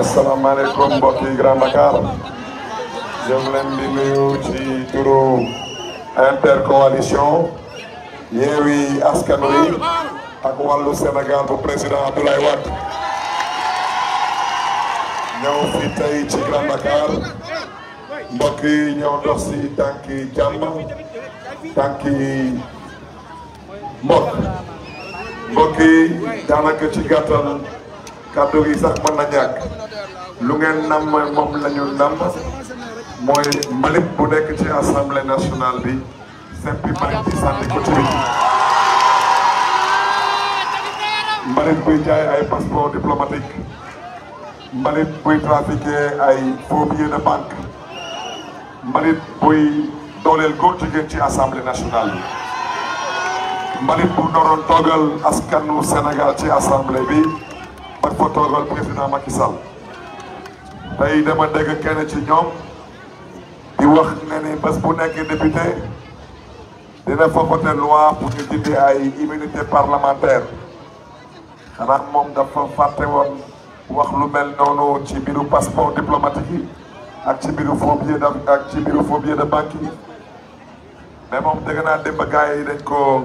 asalaamaaleykum mbokki Grand Dakar ñu ngi leen di nuyu ci turu intercoalition Yewwi Askan Wi ak wàllu Sénégal bu président Abdoulaye Wade ñëw fi tey ci Grand Dakar mbokk yi ñëw dox si tànki jàmm mbokk mbokk yi daanaka ci gàttal kàddu gi na la ñu nam mooy mbalit bu nekk ci assemblée nationale bi seppi mbalit bi sànni mbalit buy jaay ay passeport diplomatique mbalit buy trafiqué ay faux billets de banque mbalit buy dooleel góor jigéen ci assemblée nationale bi mbalit bu noroon toogal askanu Sénégal ci assemblée bi ba fa toogal président Macky Sall tey dama dégg kenn ci ñoom di wax ne ni bés bu nekk député dina fa voté loi pour ñu dindi ay immunité parlementaire xanaa moom dafa fàtte woon wax lu mel noonu ci mbiru passeport diplomatique ak ci mbiru fobie da ak ci mbiru fobie da banque mais moom dégg dañ ko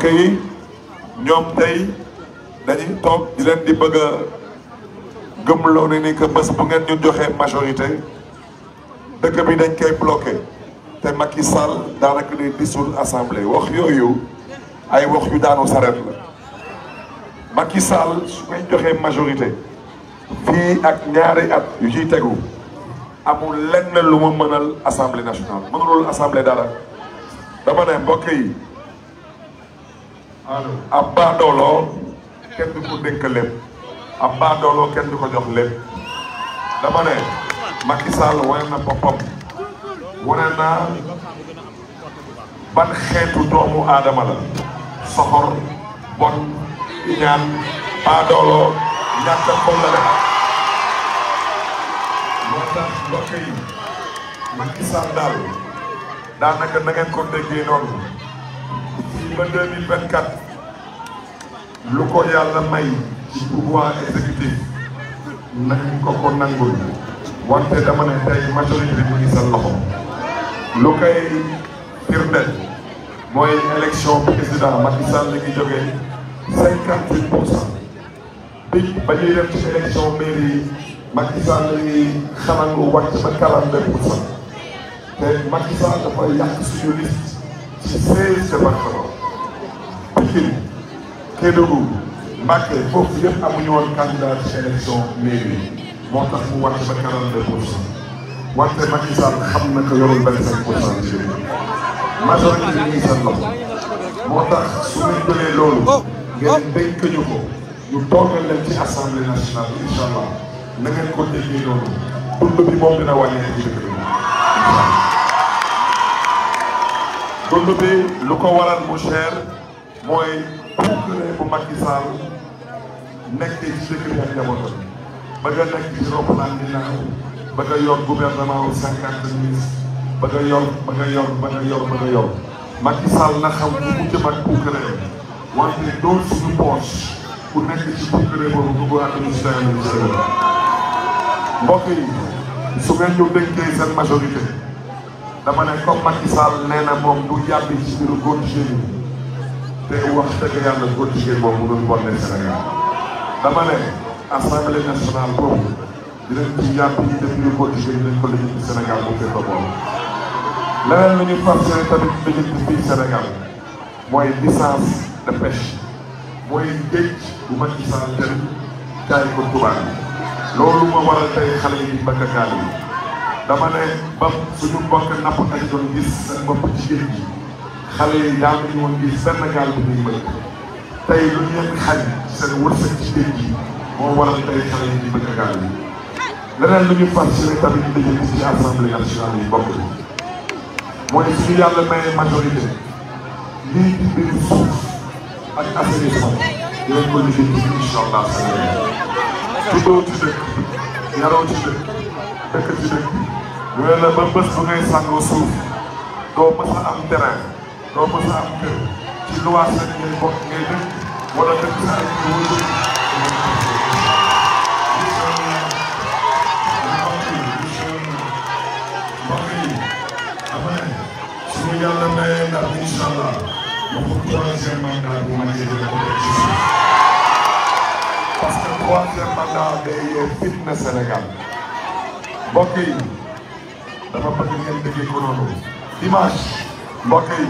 mbokk ñom tay tey dañuy toog di len di bëgg a gëmloo ne ni que bëss bu ngeen ñu joxe majorité dëkk bi dañ koy bloqué té Macky Sall da naka day dissoudre assemblée wax yoyu ay wax yu daanu sareet la Macky Sall su ngeen joxe majorité fi ak ñaari at yu ci tegu amul lenn lu mu mënal assemblée nationale mënalul assemblée dara dama né mbokk yi. ab baadooloo kenn du ko dénk lépp ab baadooloo kenn du ko jox lépp dama ne Macky Sall na boppam wane ban xeetu doomu aadama la soxor bon iñaan baadooloo ñàkk xol la rek moo tax mbokk daal daanaka na ngeen ko ba 2024 lu ko yàlla may ci pouvoir exécutif nañ ko ko nangul wante dama ne tey majorité bi ngi sa loxo lu koy firndeel mooy élection président Macky Sall li ngi bi ba dem ci élection mairie Macky Sall ba Macky Sall dafa liste ci département Pikine Kédougou Mbacké foofu yëpp amuñu woon candidat ci élection mairie moo tax mu wàcc ba 42 pour cent wante Macky Sall xam na ko yorul 25 pour cent ci majorité bi ñuy seen loxo moo tax su ñu jëlee loolu oh, ngeen dénk oh. ñu ko ñu toogal leen ci assemblée nationale incha allah na ngeen ko déggee loolu dund bi moom dina wàññeeku ci dëkk bi dund bi lu ko waral mu cher mooy puukaree bu Macky Sall nekkee ci dëkk ba nga nekk ci di naaw ba nga yor gouvernement wu cinquante ministres ba yor ba nga yor ba nga yor ba nga yor Macky Sall na xam bu mu jëm ak puukaree wante doon suñu poche ku nekk ci puukaree boobu du ko administrer ministère mbokk yi su ngeen ñu dénkee seen majorité dama ne comme Macky Sall nee na moom du yàbbi ci biiru góor jigéen te wax dëgg yàlla góor jigéen boobu mënul bonne Sénégal dama ne assemblée nationale boobu dinañ ci yàpp ñi def ñu góor jigéen ko lijjit ci Sénégal bu fekk boobu mooy licence de mooy géej bu ma ko tubaab loolu moo waral tey xale yi di mbëkk dama ne ba suñu mbokk napp ak doon gis seen bopp ci géej xale yi daal di woon gis benn gaal bu ñuy bëgg tey lu ñu leen xaj seen wërsëg ci géej gi moo waral tey xale yi di bëgg gaal yi leneen lu ñu far si rek tamit dañu gis ci assemblée nationale yi bokk bi mooy suñu yàlla may majorité lii di biir suuf ak assainissement dinañ ko liggéey ci incha allah Sénégal tuddoo ci dëkk yaroo ci dëkk dëkk ci dëkk yooyu la ba bés bu ngay sàngoo suuf doo mës a am terrain doo mës a am kër ci luwaas la ngay bokk ngay dëkk wala dëkk sa ay kër yàlla mayee ndax incha allah ma bëgg troisième mandat bu ma jëlee ko def ci suuf parce que troisième mandat day yee fitna Sénégal mbokk yi dama bëgg ngeen déggee ko noonu dimanche. mbokk yi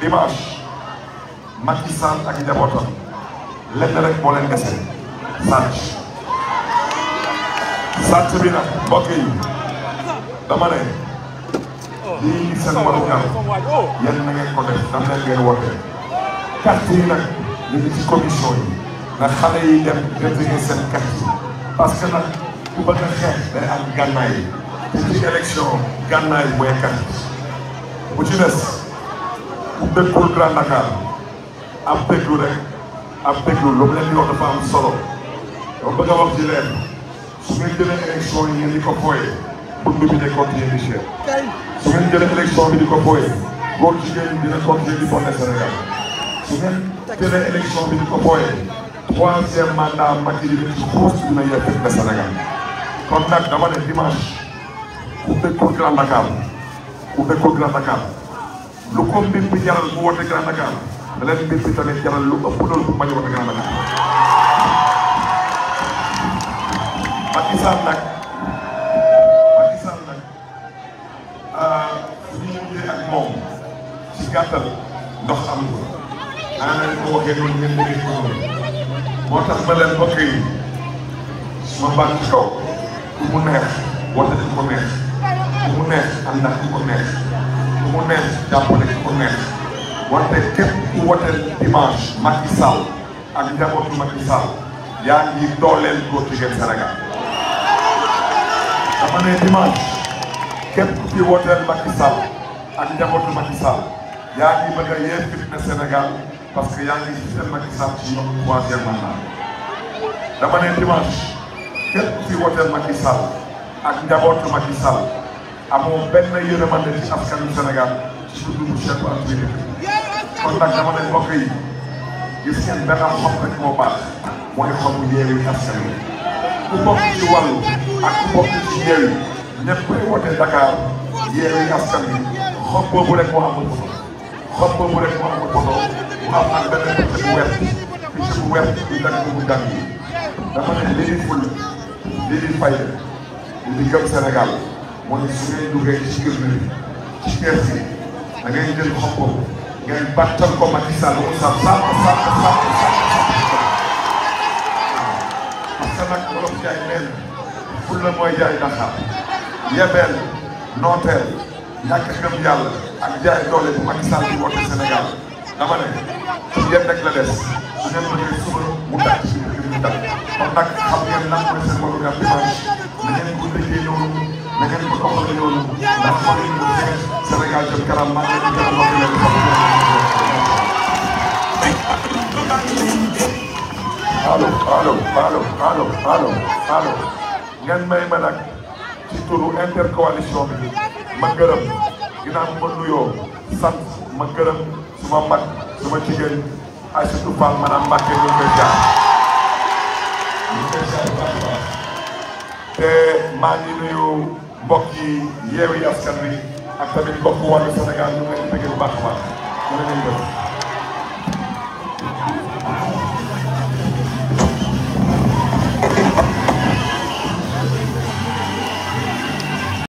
dimanche Macky Sall ak njabootam lenn rek moo leen dese sàcc sàcc bi nag mbokk yi dama ne lii seen warugar yéen na ngeen ko def dam leen ngeen woote carte yi nag ñu ci commission yi na xale yi dem retiré seen carte parce que nag ku bëgg a xeex day am gànnaay ci élection gànnaay mooy carte bu ci des bu dëkkul Grand Dakar am déglu rek am déglu lu mu leen di wax dafa solo dama a wax ci su ngeen jëlee élection yi ngeen di ko fooyee pour bi ne continuer di cher su ngeen jëlee élection bi di ko fooyee góor jigéen dina continuer di bonne Sénégal su ngeen jëlee élection bi di ko fooyee troisième mandat Macky dina ci xuus dina yegg Sénégal kon nag dama ne dimanche ku dëkkul Grand Dakar bu fekkoon Grand Dakar lu ko mbir bi jaral bu woote Grand Dakar da leen mbir bi tamit jaral lu ëpp loolu bu bañ a woote Grand Dakar. Macky Sall nag Macky Sall nag suñu ah, mujjee ak moom ci gàttal ndox am na xanaa leen ko waxee noonu ngeen déggee ko noonu moo tax ma leen mbokk yi ma bànn ci kaw ku mu neex woote dañ ko neex. bu mu neex àndax ku ko neex bu mu neex jàppale ku neex wante képp ku woteel dimanche Macky ak njabootu Macky Sall yaa ngi dooleel góor jigéen Sénégal dama dimanche képp ku fi woteel ak njabootu Macky yaa ngi bëgg a yee parce que yaa ngi gisal Macky Sall ci yoonu troisième dimanche képp ku fi woteel ak njabootu Macky amoo benn yërëmande ci askanu Sénégal surtout bu Cheikh Bara Ndiaye kon nag dama ne mbokk yi gis ngeen benn xob rek moo baax mooy xobu Yewwi Askan Wi ku bokk ci wàllu ak ku bokk ci Yewwi ñëpp ay wote Dakar Yewwi Askan Wi xob boobu rek moo amul poto xob boobu rek moo amul poto mu am ak benn picc bu wert picc bu wert bu dagg bu dagg yi dama ne li di ful li di fay li di gëm Sénégal mooy su ngay duggee ci kër gi ci kër gi da ngay jël xob ko ngeen battal ko Macky Sall mu sàmm sàmm sàmm sàmm parce que nag wolof jaay mel ful la mooy jaay daxaar yebeel nooteel ñàkk gëm yàlla ak jaay doole bu Macky Sall di woote Sénégal dama ne ci yéen rek la des su ngeen bëggee suba mu dàq suñu kër mu dàq kon nag xam ngeen lan mooy seen warugar bi na ngeen ko toppale noonu ndax xool yi ñu nekk Sénégal jëm kanam maa ngi leen di gërëm wax leen ko allo allo allo allo allo allo ngeen may ma nag ci turu intercoalition bi ma gërëm ginnaaw ma nuyoo sant ma gërëm mbokk yi yeewi askan wi ak tamit mbokk wàllu Sénégal ñu ngi leen di bëgg bu baax a